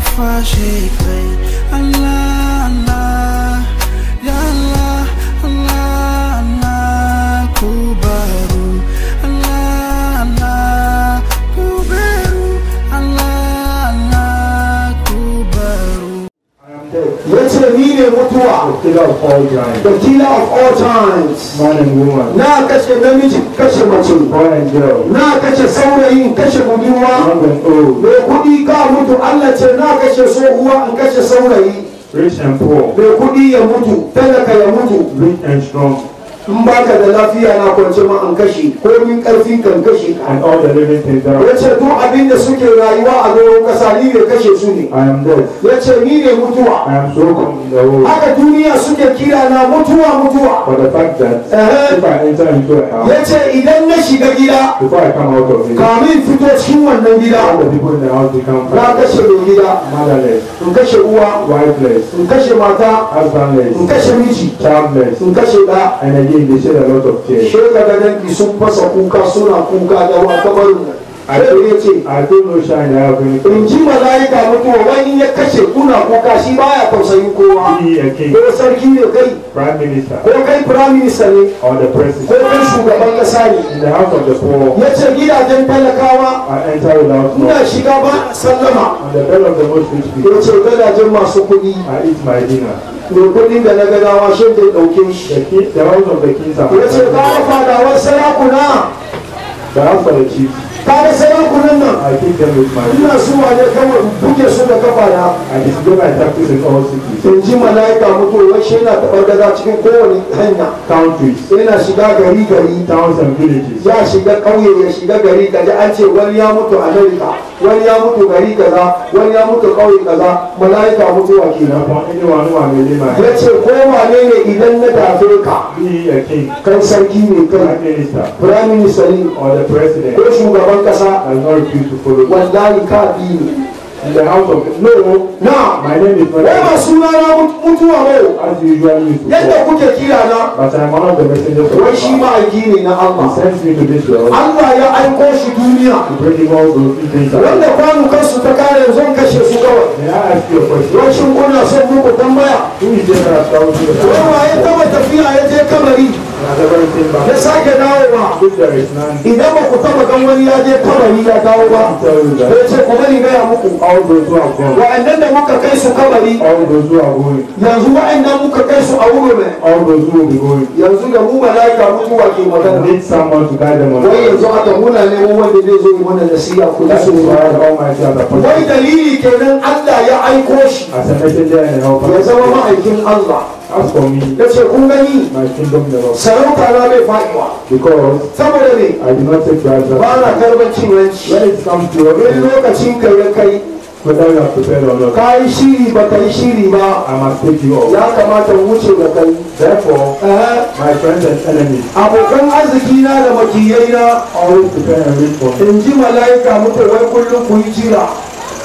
far she I love ce ni ne mutuwa the killer of all times na kashe namiji kashe mace na kashe saurayin kashe budurwa mai kuɗi ka mutu Allah ce na kashe tsohuwa in kashe saurayi mai kuɗi ya mutu talaka ya mutu in ba ka da lafiya na kwance ma an kashe ko min karfi kan kashe ka and all the living things are yace duk abin da suke rayuwa a doron kasa ni ne kashe su ne i am dead yace ni ne mutuwa i am so condemned haka duniya suke kira na mutuwa mutuwa but the fact that eh. if i enter into a house yace idan na shiga gida before i come out of it kamin fito cikin wannan gida all the people in the house become na kashe mai gida motherless in kashe uwa wifeless in kashe mata husbandless in kashe miji childless in kashe da and again they da a lot of tears. Shekara sun fasa kuka suna kuka da wa kamar a ya ce a kuma sha na in ji malaika mutuwa wani ya kashe kuna kuka shi baya tausayin kowa ko sarki ne kai ko kai prime minister ne ko kai shugaban kasa ne ya ce gidajen talakawa Ina shiga ba sallama ya ce gidajen masu kuɗi mai kuɗin da na gadawa shi da ɗauke shi da wannan sa ya ce ba fadawar sarakuna da hafa da kada sarakunan nan ina suwa ne kawai buke su da kafa na in ji mala'ika mutu wai shi yana taɓar gaza cikin kowane hanya yana shiga gari gari ya shiga ƙauye ya shiga gari gari an ce wani ya mutu a america wani ya mutu gari kaza wani ya mutu kauye kaza mala'ika mutuwa kenan ya ce ko wane ne idan na tafe ka kan sarki ne kan prime minister ne ko shugaban kasa wallahi ka biyu ne in the house of no now my name is not suna na mutuwa ne as usual yadda kuke kira na but I'm one of the messengers shi ma aiki na Allah sends me to this world Allah ya aiko shi duniya to bring him all those things wanda kwanu kansu ta kare yanzu an kashe su kawai may I ask you a question kuna son muku tambaya who is there that has to the tafiya ya je kabari ya sake ba. idan ba ku taba gan wani ya je kabari ya dawo ba ya ce ku bari gaya muku wa'annan da muka kai su kabari yanzu wa'annan muka kai su a wuri mai yanzu da mu malaika mutuwa ke magana wai yanzu aka muna neman wanda zai zo mana nasiya ku da su wai dalili kenan Allah ya aiko shi ya zama ma'aikin Allah As for me, kun gani my kingdom never sarauta na bai because ne I do not take bribe ba na when it comes to lokacin kai ya kai ka yi shiri ba ka yi shiri ba I must take you off ya kamata wuce da kai therefore uh-huh. my friends and enemies abokan arziki na da makiyai na always prepare and wait for ji mala'ika muku wai kullum jira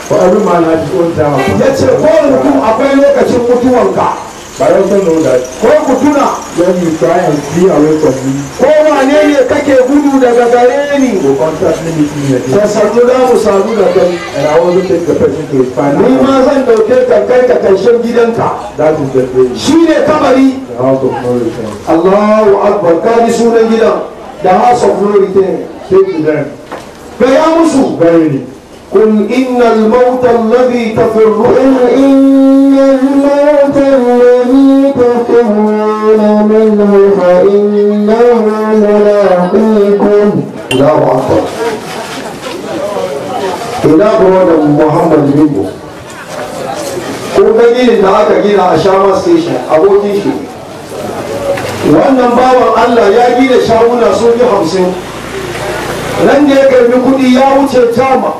for every man has his own time ya ce kowane mutum akwai lokacin mutuwanka but I also know that ko ku tuna when you try and flee away from me ko wane ne kake gudu daga gare ni ko me with me again ka samu da mu samu da kai and I want to take the person to his final ni ma zan dauke ka kai ka karshen gidanka that is the grave shine kabari the house of glory return Allahu akbar ka ji sunan gidan the house of glory return say to them gaya musu very ni قل إن الموت الذي تفرون إن الموت الذي تفرون منه فإنه ملاقيكم لا أكبر ina brother Muhammad Ribo ko ginin da aka gina a Shama station abokin shi wannan bawan Allah ya gina shaguna sun fi hamsin nan da ya karbi kuɗi ya wuce tama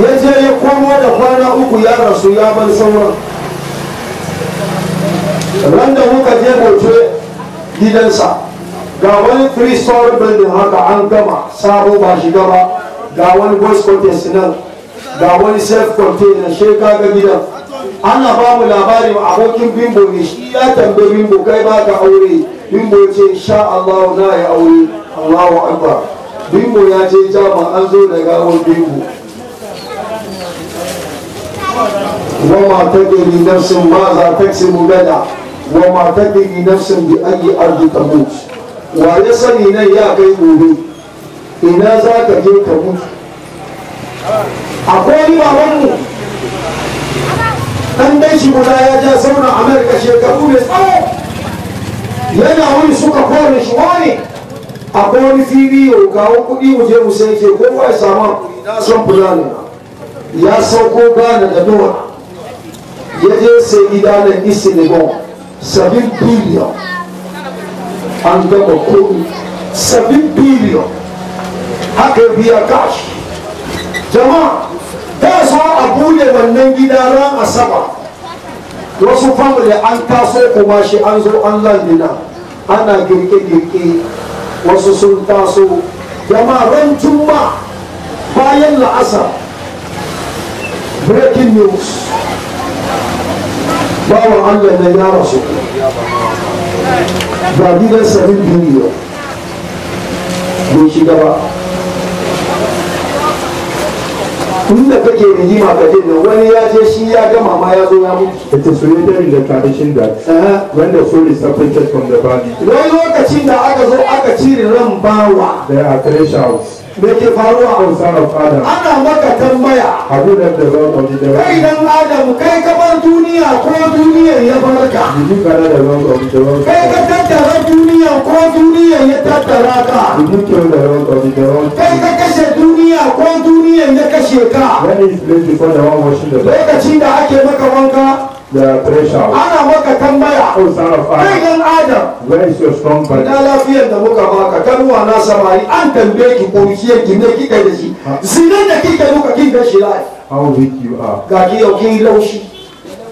ya je ya komo da kwana uku ya rasu ya bar sauran ran da muka je bauce gidansa ga wani freestyle building haka an gama sabo ba shiga ba ga wani voice contest nan ga wani self container she ga gidan ana ba mu labarin abokin bimbo ne shi ya tambaye bimbo kai ba ka aure bimbo ya ce sha Allah na ya aure Allahu akbar bimbo ya ce jama'an an zo da gawar bimbo وما تدري نفس ماذا تكسب غدا وما تدري نفس بأي أرض تموت ويسني نن يا كي gobe ina za ka je ka mutu akwai wani babanmu Dan dai shi guda ya ja zauna amurka shekaru mai tsawo yana wani suka kore shi wani akwai wani fili ya kawo kuɗi mu je mu sai ke kowa ya sama son fulani ya sauko gane da nawa yɛde ese idale isinibɔ seven billion andɔbɔ komi seven billion hake bia cash jama bɛɛ sɔrɔ a buɗe wannan gida ran asaba wasu family an taso kuma shi an ana girke-girke wasu sun taso jama ran juma breaking news bawan allah na ya rasu ba gidan sabin duniya bai shiga ba inda kake rigima ka je nan wani ya je shi ya gama mama ya zo ya mutu it is in the tradition that uh-huh. when the soul is separated from the body wani lokacin da aka zo aka cire ran there are three shouts Mai ke faruwa a sarrafa fada ana maka tambaya abu da da zan kwanci da kai dan adam kai ka bar duniya ko duniya ya barka ni kana da zan kwanci da zan kai ka tattara duniya ko duniya ya tattara ka ni ke da zan kwanci da zan kai ka kashe duniya ko duniya ya kashe ka when is kwanci da the one da the lokacin da ake maka wanka Ana maka tambaya. O oh, son of Adam. Kai Adam. Where is your strong part? Da lafiyar da muka baka kanuwa na samari an tambaye ki kurciyar ki ne kika da shi. Zinan da kika muka kin da shi lai. How weak you are. Ga ki yau laushi.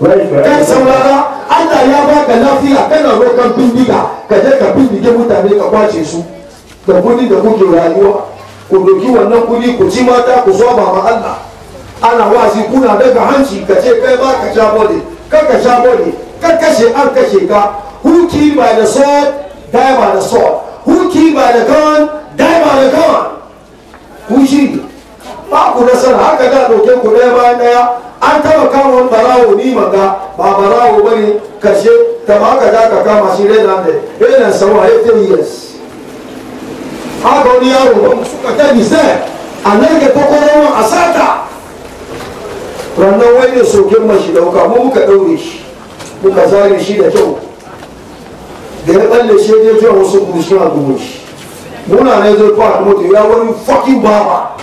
Kan saurara Allah ya baka lafiya kana rokan bindiga ka je ka bindige mutane ka kwace su. Da kudi da kuke rayuwa ku doki wannan kudi ku ci mata ku soma ma Allah. ana wazi kuna daga hanci ka ce kai ba ka ja bode kanka sha body ka kashe an kashe ka who killed by the sword die by the sword who killed by the gun die by the gun who shi ba ku nasara haka da doke ku ɗaya bayan ɗaya an taɓa kama wani barawo ni manga ba barawo ne kashe ta ma haka za ka kama shi rena da rena sawa ya fi yes haka wani yaro ba mu suka ta nisa a nan ga kwakwalwa a sata rannan wai da sokin mashi shi dauka mu muka daure shi muka zare shi da kyau da ya tsalle shi ya je wasu kuma a dubu shi muna ne zai a mutu ya wani fucking baba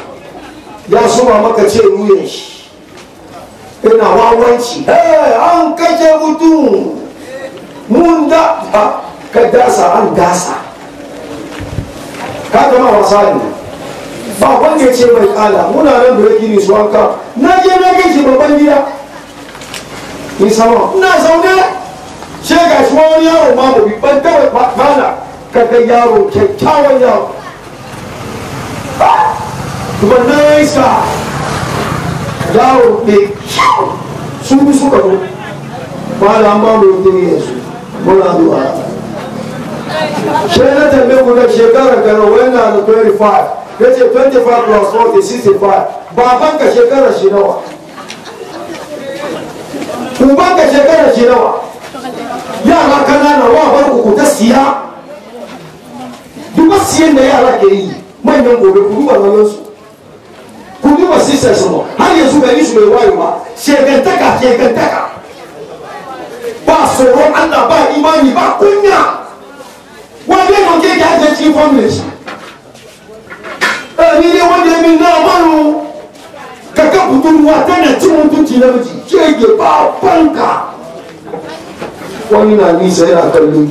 ya suma maka ce ruyen shi ina wawanci an kaje mutum mun da ka dasa an dasa ka gama wasa ne ba wanda ce mai kala muna nan da gini su wanka na je na kai shi babban gida ni sama ina zaune she ga shi wani yaro ma mu ban kawai bana ka ga yaro kyakkyawan yaro kuma na iska yaro ne su bi suka zo ba da an ba mu yi yanzu muna zuwa shi na tambaye ku shekarar gano wani na 25 ya ce 25 plus 40 65 baban ka shekarar shi nawa uban ka shekarar shi nawa yara kanana wa bar ku ta siya duk siyan da yara ke yi manyan gobe ku duba su ku duba sisar su har yanzu gari su mai wayewa shekantaka shekantaka ba tsoron allah ba imani ba kunya wanda yanke ki hajjaci fomle shi Eh, ni dai wanda ya min na baro ka ka budurwa tana cin mutunci na miji shege babanka wani na nisa yana kallon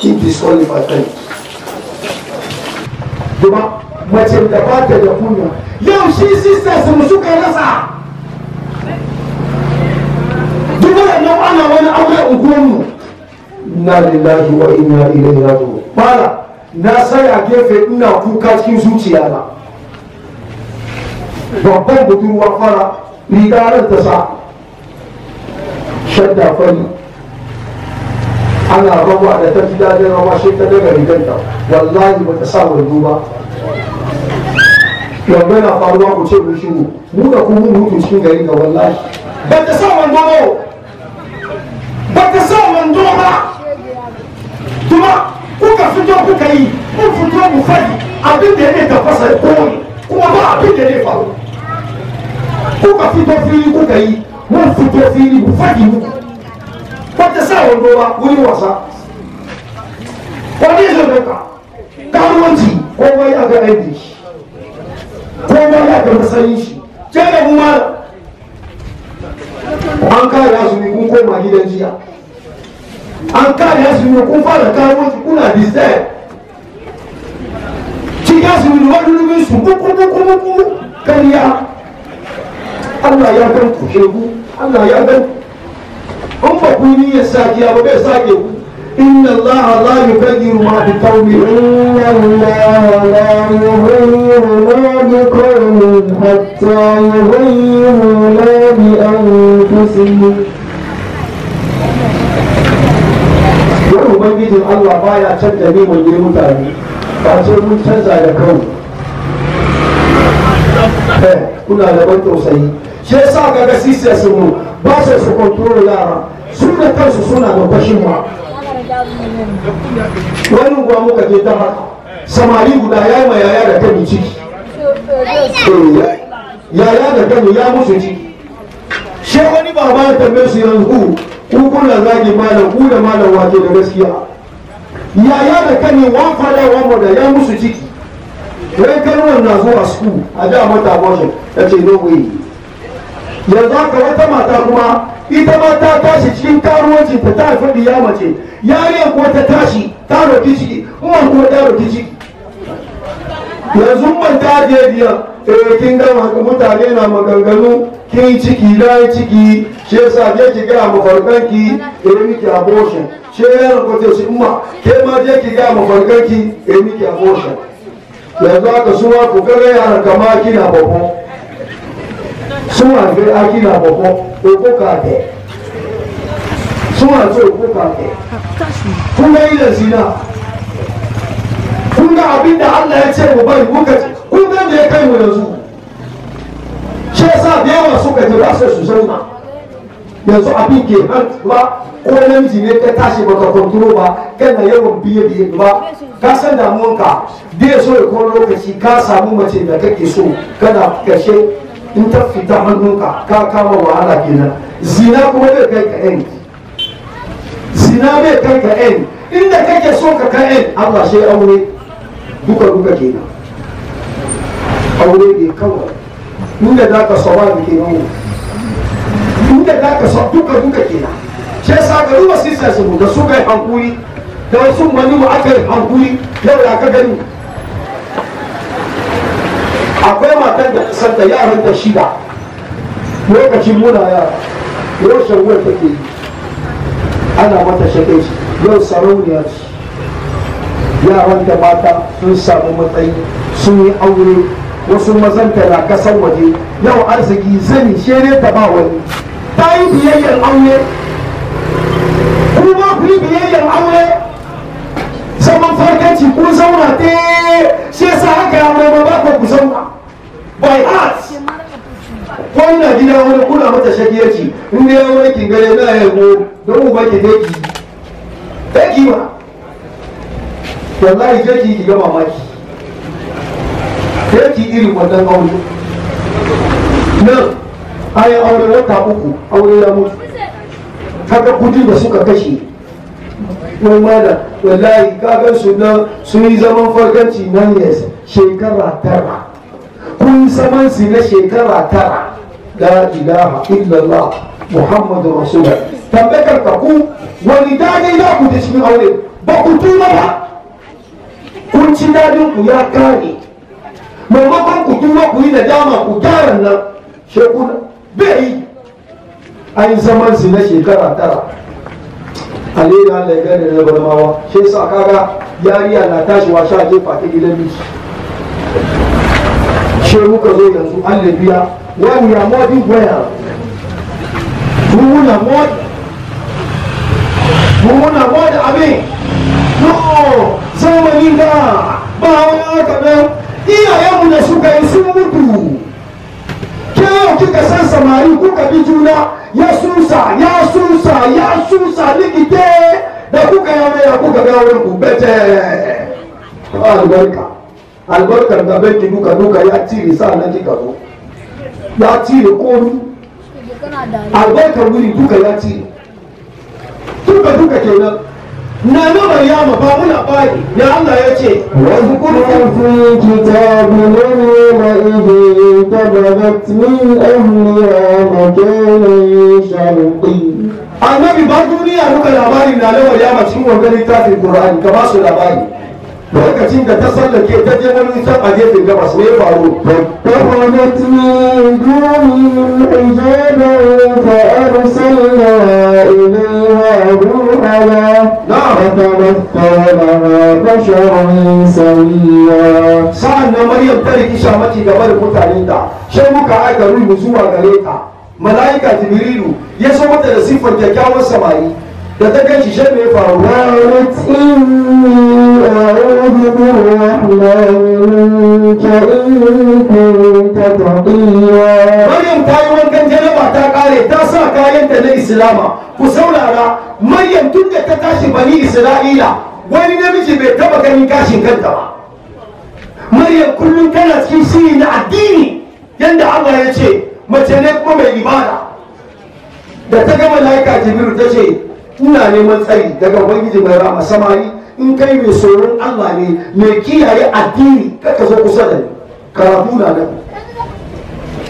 ki please only my time kuma mace da ba ta da kunya yau shi sisters mu suka rasa duk wannan ana wani aure unguwanmu na lillahi wa inna ilaihi raji'un bala na saya gefe ina kuka cikin zuciya na babban budurwa fara riga ta sa shadda fari ana rawa da ta ji daɗin rawa shi ta daga riganta wallahi ba ta sa wando ba yanzu yana faruwa ku ce mun shigo mu da kuma mun mutu cikin gari ga wallahi ba ta sa wando ba ba ta sa wando ba kuma kuka fito kuka yi kun fito mu fadi abin da ya ne tafasa ya kuma ba abin da ya ne faru kuka fito fili kuka yi mun fito fili ku faɗi mu wata sa wando ba ku yi wasa wani zo daga karuwanci komai a ga aiki shi komai a ga masayin shi ke da kuma an kare azumi kun koma gidan jiya an kare azumi kun fara karuwanci kuna disdain cikin azumi da wani rubin su buku buku buku kariya Allah ya gan ku shegu Allah ya gan in ba ku niyyar sakiya ba bai sake ku إن الله لا يغير ما بقوم إن الله لا يغير ما بقوم حتى يغيروا ما بأنفسهم wani ubangijin Allah baya canza ne mai mutane ba ce mun canza da kawo kuna da ban tausayi shi yasa ga gasisa su mu su su yara su da kansu suna da bashin wani unguwa muka je ta samari guda ya yi ma yaya da kani ciki eh, yaya da kani ya musu ciki shi wani baba ya tambaye su yanzu ku kuna zagi malam ku da malam wake da gaskiya yaya da kani wan fada wan da ya musu ciki wai kalmar na zuwa school a da mata abortion ta ce no way yanzu haka wata mata kuma ita ma ta tashi cikin karuwanci ta ta haifi ya mace yariyar kuma ta tashi ta roki ciki kuma kuma ta roki ciki yanzu man ta je biyar eh kin ga mutane na maganganu kin ciki na ciki shi yasa je ki ga mafarkanki eh miki abortion shi yana ko su shi umma ke ma je ki ga mafarkanki eh miki abortion yanzu haka suwa ku ga yaran kama kina babu súnmọ́ àgbẹ̀ akílà àkọ́kọ́ òkú kàtẹ́ súnmọ́ àgbẹ̀ òkú kàtẹ́ kuma yi da zina kun ga abin da Allah ya ce mu bari muka ce kun ga me ya kai mu yanzu shi yasa da yawa suka ji ba su zauna yanzu abin ke hantuwa ko namiji ne ka tashi baka kwanturo ba na yawan biye biye ba ka san damuwanka da ya so ya kuma lokaci ka samu mace da kake so kana kashe in ta fita hannunka ka kama wahala kenan zina kuma bai kai ka yan zina bai kai ka yan inda kake so ka kai yan Allah shi aure duka duka kenan aure ne kawai inda za ka sawa da ke nan inda za ka sa duka duka kenan shi yasa ga ruwa sisters mu da su kai hankuri da wasu mani mu aka yi hankuri yau da ka gani akwai matar da kasar da yaran ta shida lokacin muna yara yau ta ke yi ana mata shi yau sarauniya ce yaran da mata sun samu matsayi sun yi aure wasu mazan mazanta na kasar waje yau arziki zani shere ta ba wani ta yi biyayyar aure kuma ku yi biyayyar aure zaman farkanci ku zauna te shi yasa haka ya mai ba ku ku zauna by heart ina gida wani kuna mata shakiyarci in dai wani kin gare na yabo don uba ki teki teki ma wallahi teki ki ga mamaki teki irin wannan aure nan ai aure wata uku aure ya mutu kaga kudi da suka kashe wai mala wallahi kagan su nan sun yi zaman farkanci nan yes shekara tara kun saman su na shekara tara la ilaha illallah muhammadu rasulullah tambakar ka ku wani dadi za ku da shi aure ba ku tuna ba kun ci dadin ku ya kare maimakon ku tuna ku yi da dama ku gyara nan shekuna bai yi an zaman su na shekara tara alela da gane na balmawa shi sa kaga yariya na tashi washa jefa ta gidan miki shi muka zo yanzu an labiya wani ya modi waya mu muna mu muna abin no zamani da ba wani haka nan iyayenmu da suka yi sun mutu samari kuka bi juna ya susa ya susa ya susa likite da kuka ya mai kuka ku wani kubete albarka albarkar da bai duka duka ya cire sa na kika zo ya cire komi albarkar wuri duka ya cire duka duka kenan na na maryama ba muna bari ya Allah ya ce wasu kurkun fi kitabi ne ma ihe tabarat min ahliya makanin sharqi annabi ba duniya muka labari na na maryama cikin wannan littafin qur'ani ka ba su labari lokacin da ta sallake ta je wani nisan a gefen gabas ne faru ta kwanat ne gani ijada ta arsala ilai haru ala na tabbatala bashirin sariya sa'an na maryam ta riki maci gaba da mutane ta shan muka aika ruhu zuwa gare ta mala'ika jibrilu ya so mata da siffar kyakkyawar samari da ta kai shi shan nefa wa wani tsini ta tafiya ta kare ta sa kayan ta na islama ku saurara maryam tun da ta tashi bani isla'ila, wani namiji bai taba ganin gashin kanta ba maryam kullum tana cikin shiri na addini yadda allah ya ce mace ne kuma mai limana da ta gama laika jibiru ta ce ina neman tsari daga ubangiji mai rama samari in kai mai tsoron allah ne mai kiyaye addini kaka zo kusa da ni karatu na nan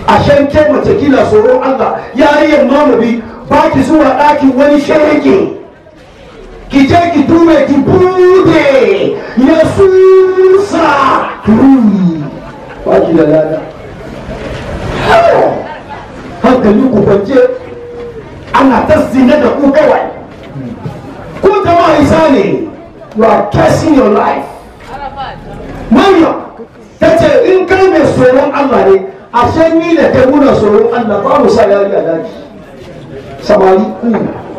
a shan ke mace kina tsoron allah yariyan mamabi ba ki zuwa ɗakin wani shirki ki je ki dube ki bude ya susa ba ki da lada hankali ku kwance ana ta zina da ku kawai Kutama Isani, you are cursing your life. Maryam, that's a incredible sorrow Allah ne, a shan ni da ta nuna tsoron Allah babu salari a daji. Samari,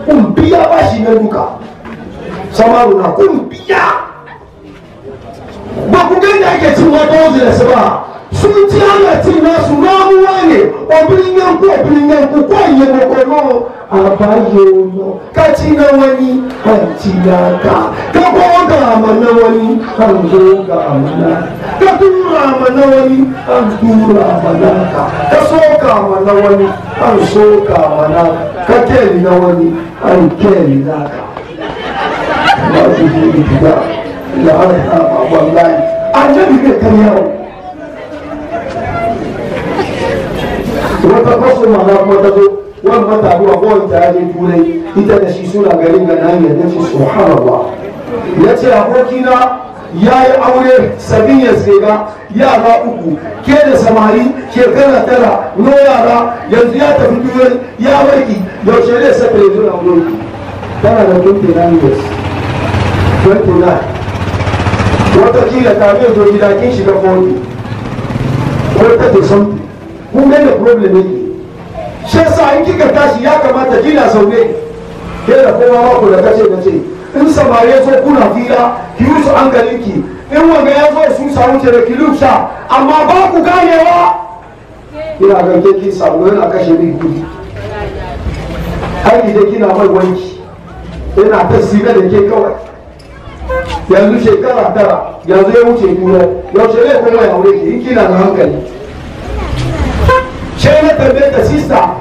kun biya ba shi na duka. Samaru na kun biya. Ba ku gani ake cin wata wanzu da su ba. Sun ci Allah cin nasu ramuwa ne, obirin yanku obirin yanku ko yi yanku ko abayono kaci wani hanci naka ka goga ma na wani an goga mana ka tura ma na wani an tura ma naka ka soka ma na wani an soka ma naka ka keli na wani an keli naka wallahi an jabi ka karyawa wata kwasu ma wannan taruwa ko ta yaje turai ita da shi suna garin ga nan yadda ce subhanallah ya ce abokina ya yi aure sabin ya ga yara uku ke da samari shekara tara no yara yanzu ya tafi turai ya warki yaushe zai saka ya zo na wurin tana da 29 years 29 watakila kafin zo gida kin shiga 40 ko ta ke son kun ga da problem yake shi yasa in kika tashi ya kamata kina zaune ke da kowa mako da kace da ce in samari ya zo kuna fila ki yi su hankalinki in wanga ya zo su samu ce da ki lufsa amma ba ku ganewa kina ganke ki samu yana kashe min kudi aiki da kina mai wanki yana ta sina da ke kawai yanzu shekara tara yanzu ya wuce turai yaushe ne kuma ya aure ki in kina da hankali sai na tambaye ta sista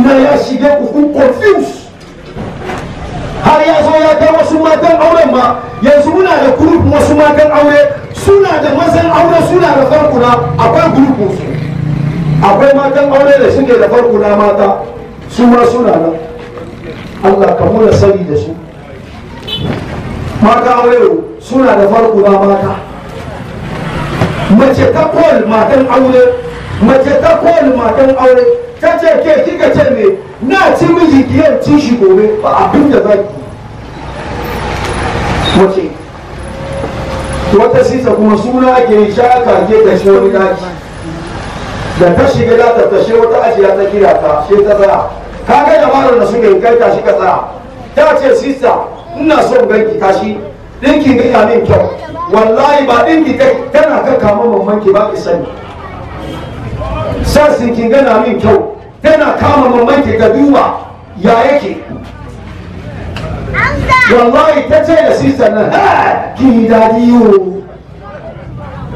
kuma ya shiga kun confuse har ya zo ya ga wasu matan auren ma yanzu muna da group wasu matan aure suna da mazan aure suna da farkuna akwai group su akwai matan aure da suke da farkuna mata su ma suna nan Allah ka muna sani da su mata aure suna da farkuna mata mace ta kowal matan aure mace ta kowal matan aure kace ce ke kika ce ne na ci miji kiyar ci shi gobe ba abin da za wace wata sisa kuma suna ake yi sha kage da shi wani daji da ta shiga da ta tashe wata ajiya ta kira ta she ta tsaya ka ga dabarar da suka yi kai ta shi ka tsaya ta ce sisa ina son ganki kashi. dinki ga min kyau wallahi ba dinki kai tana kan kama mamman ki ba ki sani sasin kin gana min kyau tana kama mamanta da duba ya yake wallahi ta ce da sisan nan ki daɗi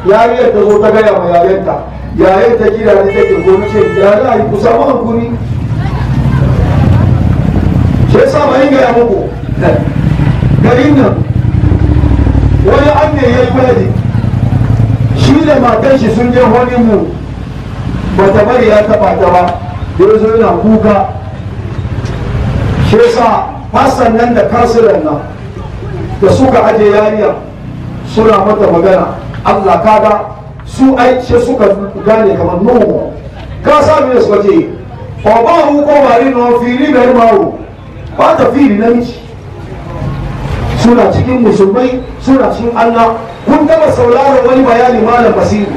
Ya yariyar ta zo ta gaya ma yayanta yayin ta kira da take gobe ce ya za a yi kusa ma hankuri ke sa ma yin gaya muku garin nan wani an ne ya yi kwalaji shi da matan shi sun je honeymoon ba ta bari ya taɓa ta ba da ya zo yana kuka shi yasa fasan nan da kansilan nan da suka aje yariya suna mata magana allah kaga su shi suka gane kamar nuhu ka sami da suka ce ƙwabahu ko bari na fili bai mawo ba ta fili namiji suna cikin musulmai suna cikin allah kun taba sauraron wani bayani malam basiru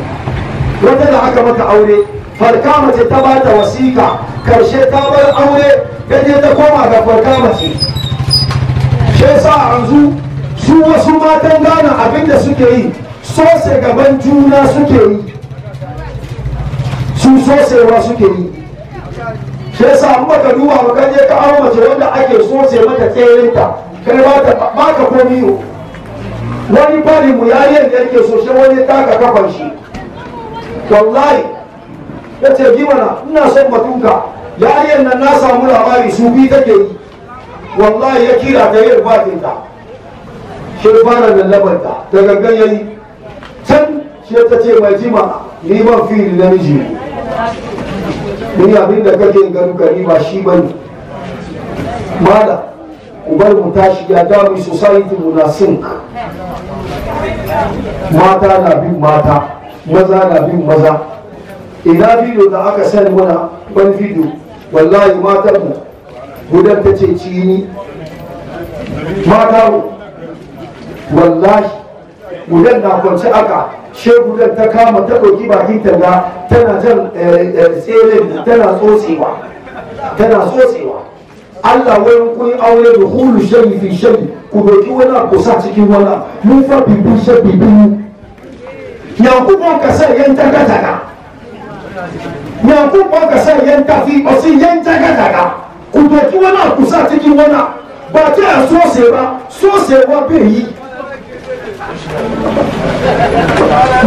wata da aka maka aure farka mace ta ba ta wasiƙa karshe ta bar aure gaje ta koma ga farka mace shi sa yanzu su wasu matan gana abinda suke yi sose gaban juna suke yi su sosewa suke yi shi sa an baka duba ba je ka aure mace wanda ake sose mata tserinta kai ba ka komi wani fari mu yayin da yake so shi wani taka kafan shi wallahi ya ce bi mana ina son batunka yi nan na samu labari su bi take yi wallahi ya kira ta yi rufatinta shi fara da labarta Da gangan ya yi can shi ta ce mai jima ni fili na miji ni abin da kake gani gari ba shi ba ne mada ubar mu tashi ya damu society mu na sink mata na bin mata maza na bin maza ina video da aka sani mana wani video wallahi matar mu gudan ta ce cini mata wallahi gudan na kwanci aka she gudan ta kama ta ɗauki bakin tanga tana jan eh, eh, tsere tana tsotsewa tana tsotsewa Allah wai kun aure da hulu shayi fi shayi ku doki wani ku sa cikin wani mun fa bibin shayi bibin ya kuma ka sa yan taka taka yankunpɔn ka se yan tafi o si yen jagajaga kuto kiwana kusa ti ba bate ya so ba so sewa bɛ yi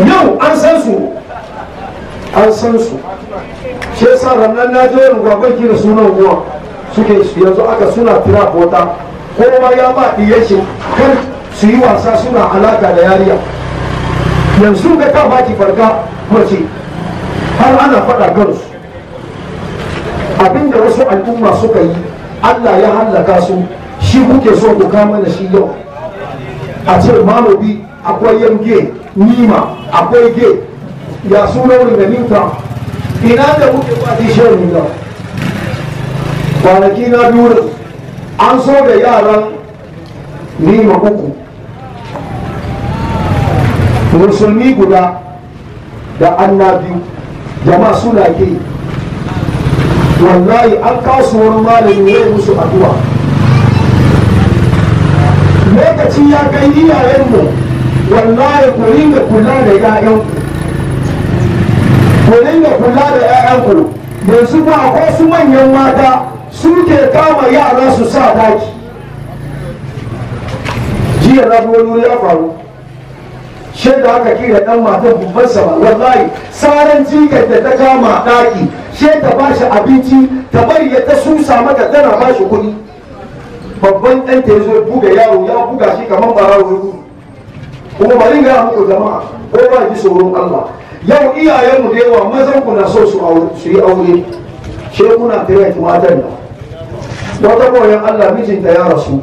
yau an san su an san su shi yasa ranar na je wani gwagwaki da sunan ruwa suke yanzu aka suna tira ko kowa ya ba ɗiye shi kan su yi wasa suna alaka da yariya yanzu ga ka baki farka mace har ana faɗa kansu abinda wasu al'umma suka yi allah ya hallaka su shi kuke so ku kama da shi yau a ce mamobi akwai yange nima akwai ge ya da ringaninta ina da kuke kwaɗi shan ringa kwanaki na biyu an so da yaran nima uku musulmi guda da annabi biyu jama'a suna ki wallahi an kawo su wani malami ya musu addu'a lokaci ya kai iyayenmu wallahi ku ringa kula da 'ya'yanku, ku ringa kula da 'ya'yanku. yanzu ba ko su manyan mata su ke kama yara su sa daki jiya na wani ya faru shi da aka kira dan matan babban sa wallahi saran jikar da ta kama daki shi ta ba shi abinci ta bari ya ta susa maka tana ba shi kuɗi babban ɗan ta yazo buga yaro ya buga shi kamar barawo ya kuma bari ga muku jama'a ko ba ji tsoron Allah yau iyayenmu da yawa mazan ku na so su yi aure she kuna tare da matan da wata koyon Allah mijinta ya rasu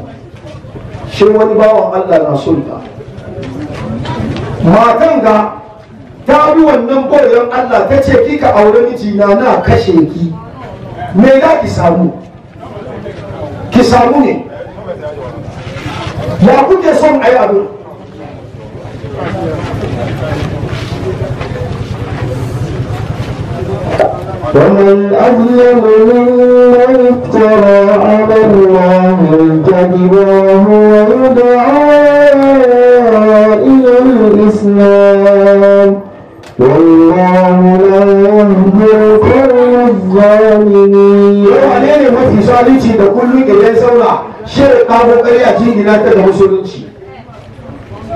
shi wani bawan Allah na sulta matan ga ta bi wannan koyon Allah ta ce kika aure miji na na kashe ki me za ki samu ki samu ne ya kuke son ayi abin ومن أظلم ممن افترى على الله الكذب وهو يدعى إلى الإسلام والله لا يهدي القوم الظالمين. wane ne mafi zalunci da kullum idan zauna shirin kawo ƙarya jingina ta da musulunci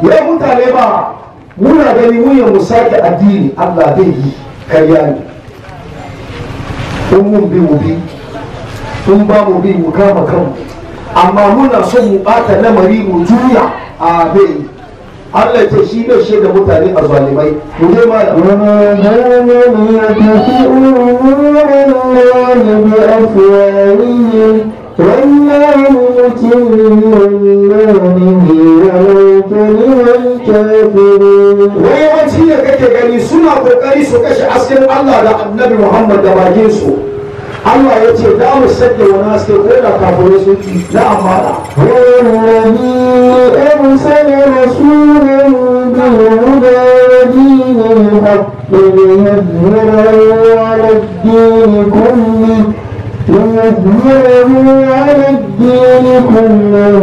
yau mutane ba muna gani muyan mu sake addini allah zai yi karya in mun bi mu bi in ba mu bi mu kama kanmu amma muna so mu bata lamari mu juya a bai Allah ce shi ne shi da mutane a zalimai mu je mana wama dana ya tafi'u min Allah bi afwahi wallahu المؤمنين ولو كره الكافرون ويوانشي كake gani suna kokari su kashe askin Allah da Annabi Muhammad da bakin su Allah ya ce da mu sake wani haske ko da kafirai sun ci na da wallahi arsala dini, بالهدى ودين الحق ليظهره على الدين كله ليظهره على الدين كله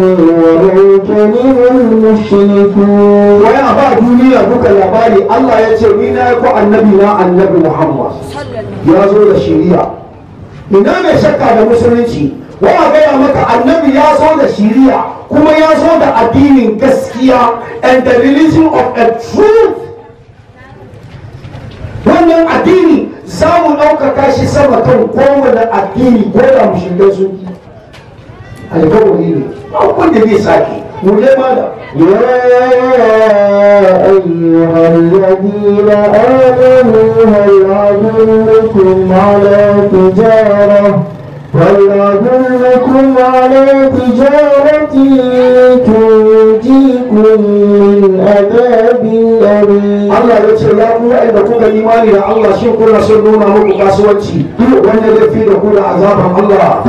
ولو كره المشركون ويا با دنيا duka labari Allah ya ce ni na ku annabi na annabi Muhammad ya zo da shiriya ina mai shakka da musulunci wa gaya maka annabi ya zo da shiriya kuma ya zo da addinin gaskiya and the religion of a truth wannan addini za mu ɗaukaka shi sama kan kowane addini ko da mu shiga su alkawari ne abubuwan da zai sake mu je mana يا أيها na آمنوا هل على تجارة تنجيكم من عذاب أليم الله يقول da kuka imani da Allah shin kuna son nuna muku kasuwanci duk wanda zai fi da ku da azaban Allah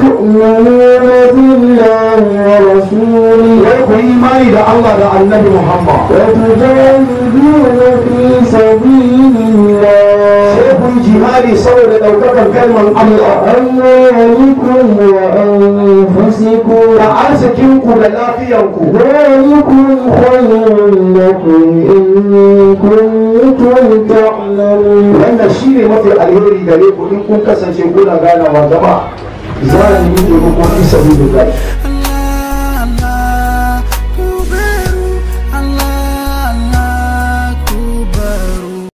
wai ku imani da Allah da annabi Muhammad wa tujahiduna fi sabilillah sai ku yi jihadi saboda ɗaukakar kalmar Allah amwalikum wa anfusikum da arzikinku da lafiyanku zalikum khayrun lakum in kuntum ta'lamun wannan shine mafi alheri gare ku in kun kasance kuna ganawa jama'a za a yi